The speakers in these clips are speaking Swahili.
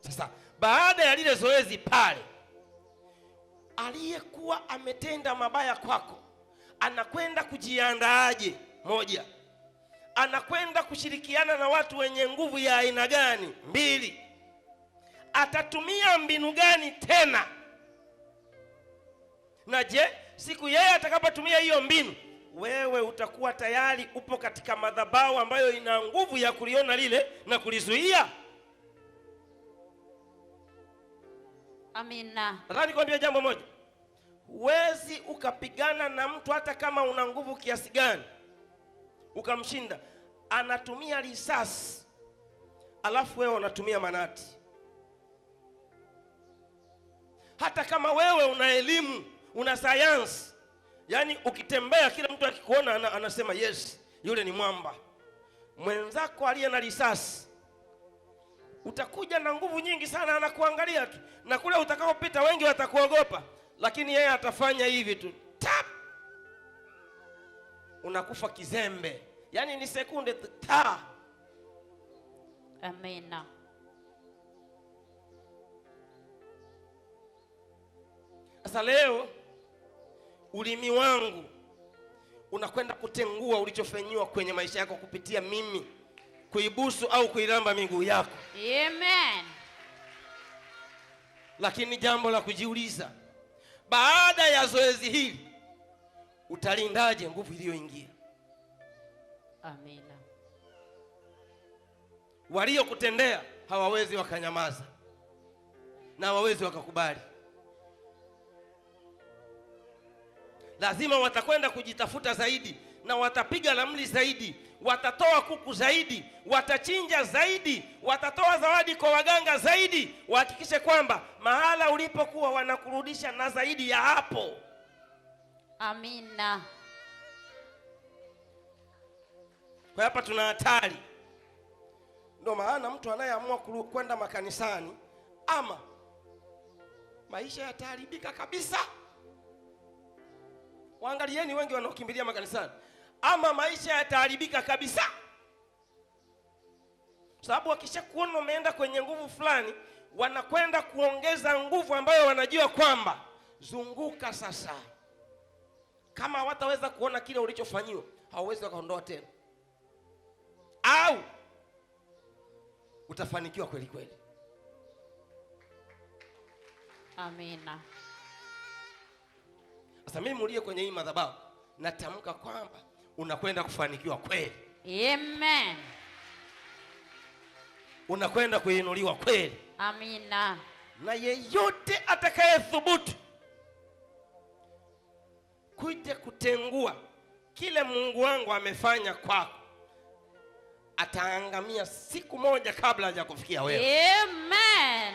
Sasa baada ya lile zoezi pale, aliyekuwa ametenda mabaya kwako anakwenda kujiandaaje? Moja, anakwenda kushirikiana na watu wenye nguvu ya aina gani? Mbili, atatumia mbinu gani tena? Na je, siku yeye atakapotumia hiyo mbinu, wewe utakuwa tayari upo katika madhabahu ambayo ina nguvu ya kuliona lile na kulizuia? Amina. Nataka nikwambie jambo moja, huwezi ukapigana na mtu hata kama una nguvu kiasi gani ukamshinda. Anatumia risasi alafu wewe unatumia manati, hata kama wewe una elimu una sayansi. Yaani ukitembea kila mtu akikuona anasema yes, yule ni mwamba. Mwenzako aliye na risasi utakuja na nguvu nyingi sana, anakuangalia tu, na kule utakaopita wengi watakuogopa, lakini yeye atafanya hivi tu tap, unakufa kizembe. Yani ni sekunde ta. Amina. Sasa leo ulimi wangu unakwenda kutengua ulichofanyiwa kwenye maisha yako kupitia mimi kuibusu au kuiramba miguu yako. Amen. Lakini jambo la kujiuliza, baada ya zoezi hili utalindaje nguvu iliyoingia? Amina. Waliokutendea hawawezi wakanyamaza na hawawezi wakakubali, lazima watakwenda kujitafuta zaidi na watapiga ramli zaidi, watatoa kuku zaidi, watachinja zaidi, watatoa zawadi kwa waganga zaidi, wahakikishe kwamba mahala ulipokuwa wanakurudisha na zaidi ya hapo. Amina. Kwa hapa tuna hatari, ndio maana mtu anayeamua kwenda makanisani ama maisha yataharibika kabisa. Waangalieni wengi wanaokimbilia makanisani ama maisha yataharibika kabisa, sababu wakishakuona umeenda kwenye nguvu fulani, wanakwenda kuongeza nguvu ambayo wanajua kwamba zunguka sasa. Kama hawataweza kuona kile ulichofanyiwa, hawawezi wakaondoa tena, au utafanikiwa kweli kweli. Amina. Sasa mimi mulie kwenye hii madhabahu natamka kwamba unakwenda kufanikiwa kweli. Amen. Unakwenda kuinuliwa kweli. Amina. Na yeyote atakayethubutu kuja kutengua kile Mungu wangu amefanya kwako ataangamia siku moja kabla ya kufikia wewe. Amen.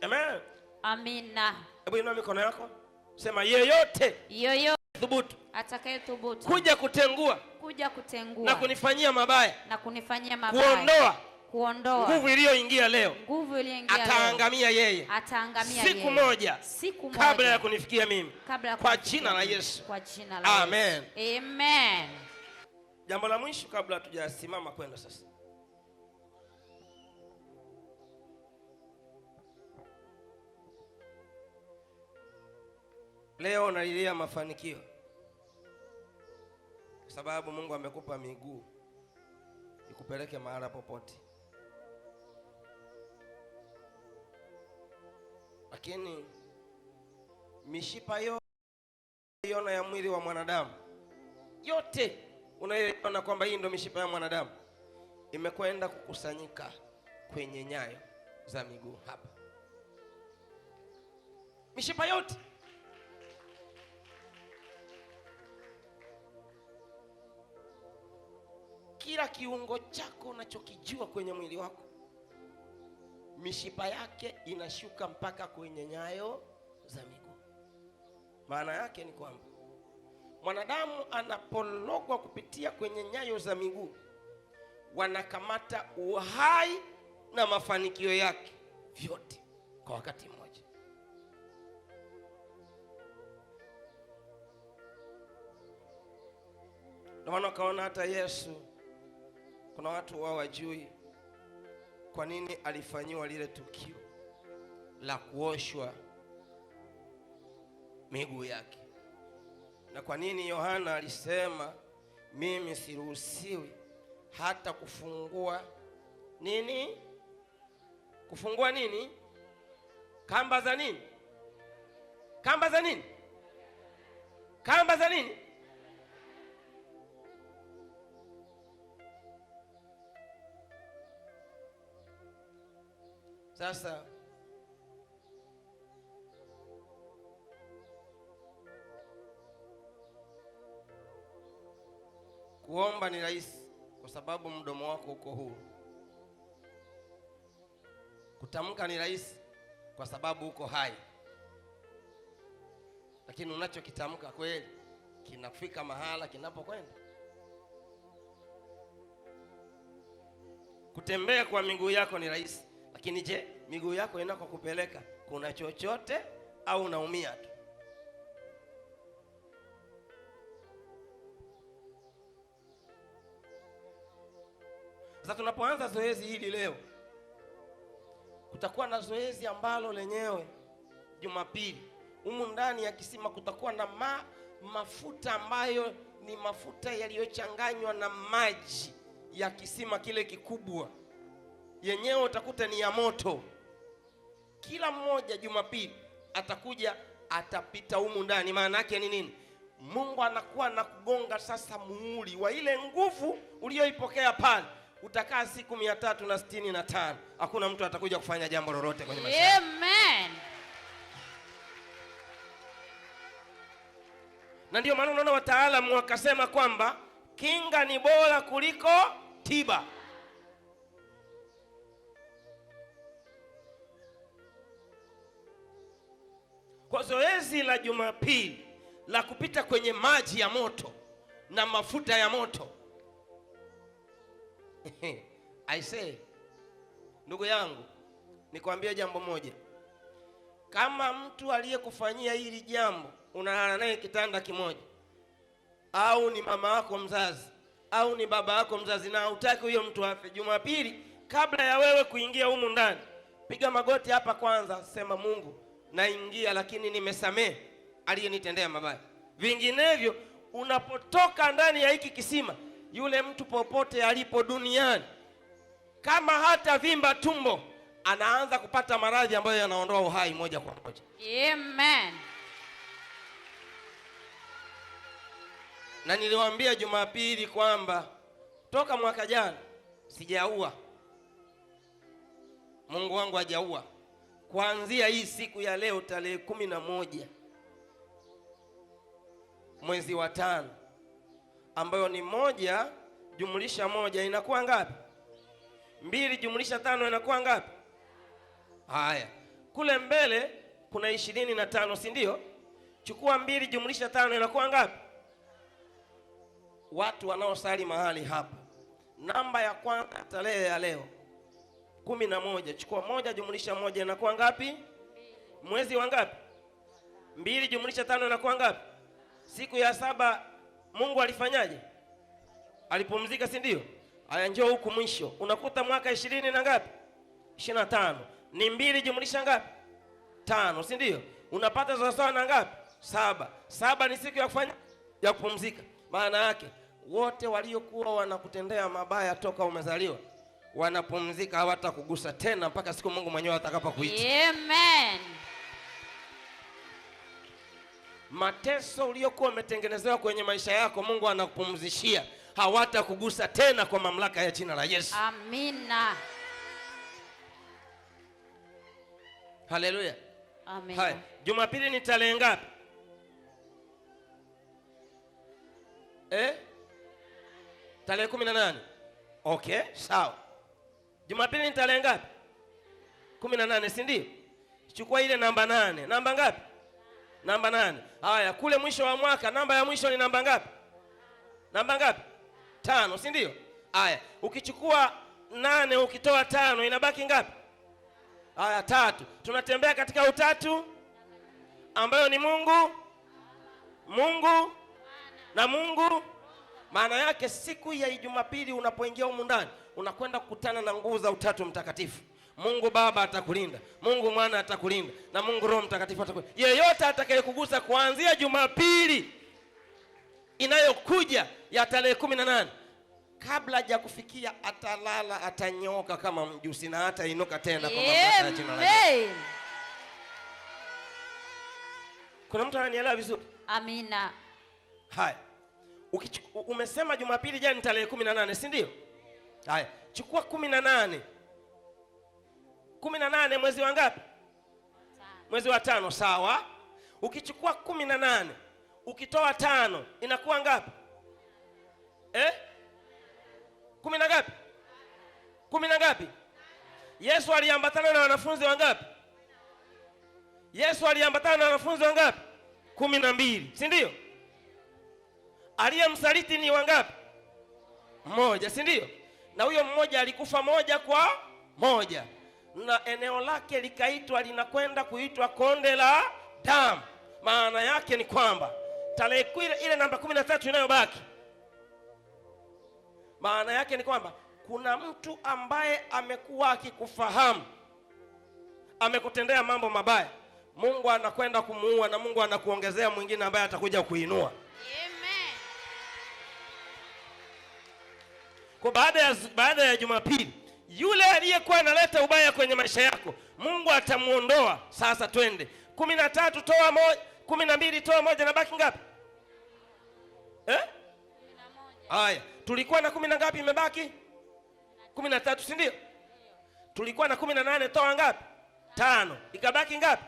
Amen. Amina. Hebu inua mikono yako sema yeyote yeyote thubutu atakayethubutu kuja kutengua kuja kutengua na kunifanyia mabaya na kunifanyia mabaya kuondoa kuondoa nguvu iliyoingia leo nguvu iliyoingia ataangamia yeye ataangamia siku moja siku moja kabla ya kunifikia mimi kabla ya kwa jina la Yesu kwa jina la Yesu amen amen jambo la mwisho kabla tujasimama kwenda sasa Leo nalilia mafanikio kwa sababu Mungu amekupa miguu ikupeleke mahala popote, lakini mishipa yoiona iona ya mwili wa mwanadamu yote unayoiona kwamba hii ndio mishipa ya mwanadamu imekwenda kukusanyika kwenye nyayo za miguu hapa, mishipa yote kila kiungo chako unachokijua kwenye mwili wako, mishipa yake inashuka mpaka kwenye nyayo za miguu. Maana yake ni kwamba mwanadamu anapologwa kupitia kwenye nyayo za miguu, wanakamata uhai na mafanikio yake vyote kwa wakati mmoja. Ndio maana ukaona hata Yesu kuna watu wao wajui kwa nini alifanyiwa lile tukio la kuoshwa miguu yake, na kwa nini Yohana alisema mimi siruhusiwi hata kufungua nini, kufungua nini, kamba za nini, kamba za nini, kamba za nini Sasa kuomba ni rahisi, kwa sababu mdomo wako uko huru. Kutamka ni rahisi, kwa sababu uko hai, lakini unachokitamka kweli kinafika mahala kinapokwenda. Kutembea kwa miguu yako ni rahisi lakini je, miguu yako inako kupeleka kuna chochote au unaumia tu? Sasa tunapoanza zoezi hili leo, kutakuwa na zoezi ambalo lenyewe Jumapili humu ndani ya kisima kutakuwa na ma, mafuta ambayo ni mafuta yaliyochanganywa na maji ya kisima kile kikubwa yenyewe utakuta ni ya moto. Kila mmoja Jumapili atakuja atapita humu ndani. Maana yake ni nini? Mungu anakuwa na kugonga sasa muhuri wa ile nguvu uliyoipokea pale. Utakaa siku mia tatu na sitini na tano. Hakuna mtu atakuja kufanya jambo lolote kwenye maisha. Amen. Na ndio maana unaona wataalamu wakasema kwamba kinga ni bora kuliko tiba. Kwa zoezi la Jumapili la kupita kwenye maji ya moto na mafuta ya moto I say, ndugu yangu, nikwambie jambo moja. Kama mtu aliyekufanyia hili jambo unalala naye kitanda kimoja, au ni mama wako mzazi au ni baba yako mzazi, na hautaki huyo mtu afe, Jumapili kabla ya wewe kuingia humu ndani, piga magoti hapa kwanza, sema Mungu naingia, lakini nimesamehe aliyenitendea mabaya. Vinginevyo unapotoka ndani ya hiki kisima, yule mtu popote alipo duniani, kama hata vimba tumbo, anaanza kupata maradhi ambayo yanaondoa uhai moja kwa moja. Amen. Na niliwaambia Jumapili kwamba toka mwaka jana sijaua, Mungu wangu hajaua kuanzia hii siku ya leo tarehe kumi na moja mwezi wa tano, ambayo ni moja jumlisha moja inakuwa ngapi? Mbili jumlisha tano inakuwa ngapi? Haya, kule mbele kuna ishirini na tano, si ndio? Chukua mbili jumlisha tano inakuwa ngapi? Watu wanaosali mahali hapa, namba ya kwanza tarehe ya leo kumi na moja. Chukua moja jumulisha moja inakuwa ngapi? Mwezi wa ngapi? Mbili jumulisha tano inakuwa ngapi? Siku ya saba Mungu alifanyaje? Alipumzika, si ndio? Aya, njoo huku mwisho, unakuta mwaka ishirini na ngapi? Ishirini na tano ni mbili jumulisha ngapi? Tano, si ndio? Unapata sawasawa na ngapi? Saba. Saba ni siku ya kufanya ya kupumzika. Maana yake wote waliokuwa wanakutendea mabaya toka umezaliwa wanapumzika, hawatakugusa tena mpaka siku Mungu mwenyewe atakapokuita. Amen. Mateso uliokuwa umetengenezewa kwenye maisha yako, Mungu anakupumzishia, hawatakugusa tena kwa mamlaka ya jina la Yesu. Amina. Haleluya. Amina. Hai, Jumapili ni tarehe ngapi? Eh? Tarehe 18. Okay, sawa. Jumapili ni tarehe ngapi? kumi na nane, si ndio? Chukua ile namba nane. Namba ngapi? Namba nane. Haya, kule mwisho wa mwaka namba ya mwisho ni namba ngapi? Namba ngapi? Tano, si ndio? Haya, ukichukua nane ukitoa tano inabaki ngapi? Haya, tatu. Tunatembea katika utatu ambayo ni Mungu, Mungu na Mungu. Maana yake siku ya Jumapili unapoingia humu ndani unakwenda kukutana na nguvu za utatu mtakatifu. Mungu Baba atakulinda, Mungu Mwana atakulinda na Mungu Roho Mtakatifu atakulinda. Yeyote atakayekugusa kuanzia Jumapili inayokuja ya tarehe kumi na nane kabla ya kufikia atalala, atanyoka kama mjusi na hatainuka tena kwa mamlaka ya jina Kuna mtu ananielewa vizuri? Amina. Haya, umesema Jumapili jana tarehe kumi na nane si ndio? haya chukua kumi na nane kumi na nane mwezi wa ngapi mwezi wa tano sawa ukichukua kumi na nane ukitoa tano inakuwa ngapi eh? kumi na ngapi kumi na ngapi yesu aliambatana na wanafunzi wangapi yesu aliambatana na wanafunzi wangapi kumi na mbili sindio ndio aliyemsaliti ni wangapi mmoja sindio na huyo mmoja alikufa moja kwa moja, na eneo lake likaitwa linakwenda kuitwa konde la damu. Maana yake ni kwamba tarehe ile namba kumi na tatu inayobaki, maana yake ni kwamba kuna mtu ambaye amekuwa akikufahamu, amekutendea mambo mabaya, Mungu anakwenda kumuua na Mungu anakuongezea mwingine ambaye atakuja kuinua. Amen. Kwa baada ya, baada ya Jumapili yule aliyekuwa analeta ubaya kwenye maisha yako Mungu atamuondoa. Sasa twende kumi na tatu toa moja, kumi na mbili toa moja, na baki ngapi eh? Haya, tulikuwa na kumi na ngapi? Imebaki kumi na tatu, si ndio? Tulikuwa na kumi na nane toa ngapi? Tano, ikabaki ngapi?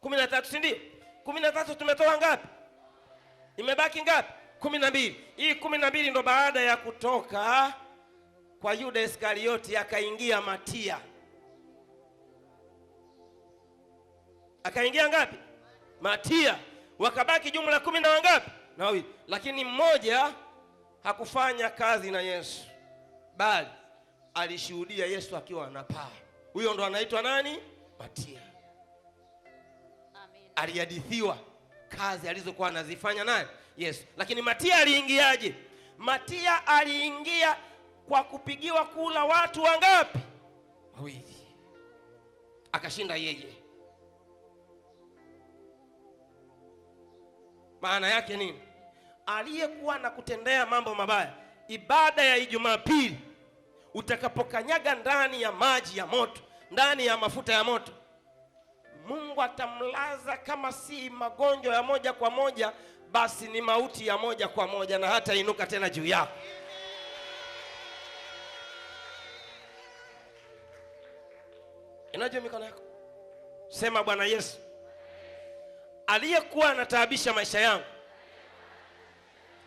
kumi na tatu, si ndio? kumi na tatu tumetoa ngapi? Imebaki ngapi? kumi na mbili. Hii kumi na mbili ndo baada ya kutoka kwa Yuda Iskarioti akaingia Matia. Akaingia ngapi? Matia. Wakabaki jumla kumi na wangapi? Na wawili, lakini mmoja hakufanya kazi na Yesu bali alishuhudia Yesu akiwa anapaa. Huyo ndo anaitwa nani? Matia. Alihadithiwa kazi alizokuwa anazifanya naye Yesu. Lakini Matia aliingiaje? Matia aliingia kwa kupigiwa kula watu wangapi? Wawili. Akashinda yeye. Maana yake nini? Aliyekuwa na kutendea mambo mabaya, ibada ya Ijumaa pili utakapokanyaga ndani ya maji ya moto, ndani ya mafuta ya moto, Mungu atamlaza kama si magonjwa ya moja kwa moja basi ni mauti ya moja kwa moja na hata inuka tena juu yako. Inajua mikono yako, sema Bwana Yesu, aliyekuwa anataabisha maisha yangu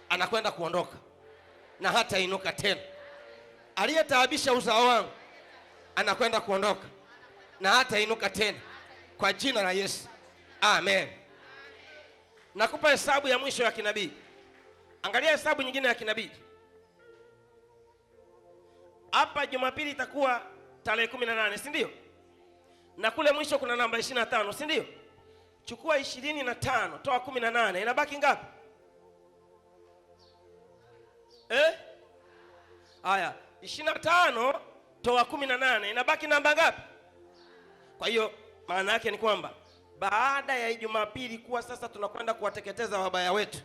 anakwenda kuondoka na hata inuka tena. Aliyetaabisha uzao wangu anakwenda kuondoka na hata inuka tena, kwa jina la Yesu, amen. Nakupa hesabu ya mwisho ya kinabii. Angalia hesabu nyingine ya kinabii. Hapa Jumapili itakuwa tarehe 18, si ndio? Na kule mwisho kuna namba 25, si ndio? Chukua 25 toa 18, inabaki ngapi? Eh? na 25 toa 18, inabaki namba ngapi? Kwa hiyo maana yake ni kwamba baada ya Jumapili kuwa sasa tunakwenda kuwateketeza wabaya wetu,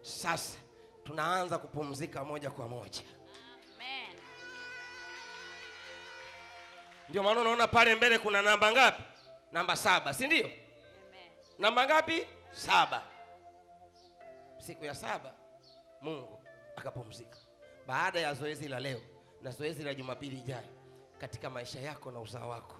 sasa tunaanza kupumzika moja kwa moja. Ndio maana unaona pale mbele kuna namba ngapi? Namba saba, si ndio? Namba ngapi? Saba. Siku ya saba Mungu akapumzika baada ya zoezi la leo na zoezi la Jumapili ijayo katika maisha yako na uzao wako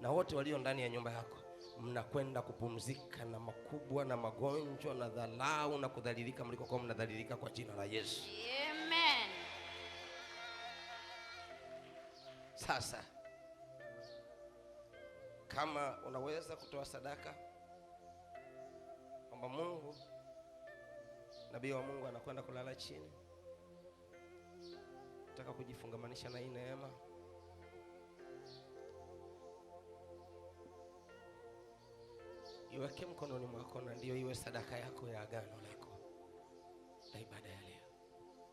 na wote walio ndani ya nyumba yako mnakwenda kupumzika na makubwa na magonjwa na dhalau na kudhalilika mlikokuwa mnadhalilika kwa jina la Yesu. Amen. Sasa kama unaweza kutoa sadaka kwamba Mungu, nabii wa Mungu anakwenda kulala chini, nataka kujifungamanisha na hii neema iweke mkononi mwako, na ndiyo iwe sadaka yako ya agano lako na ibada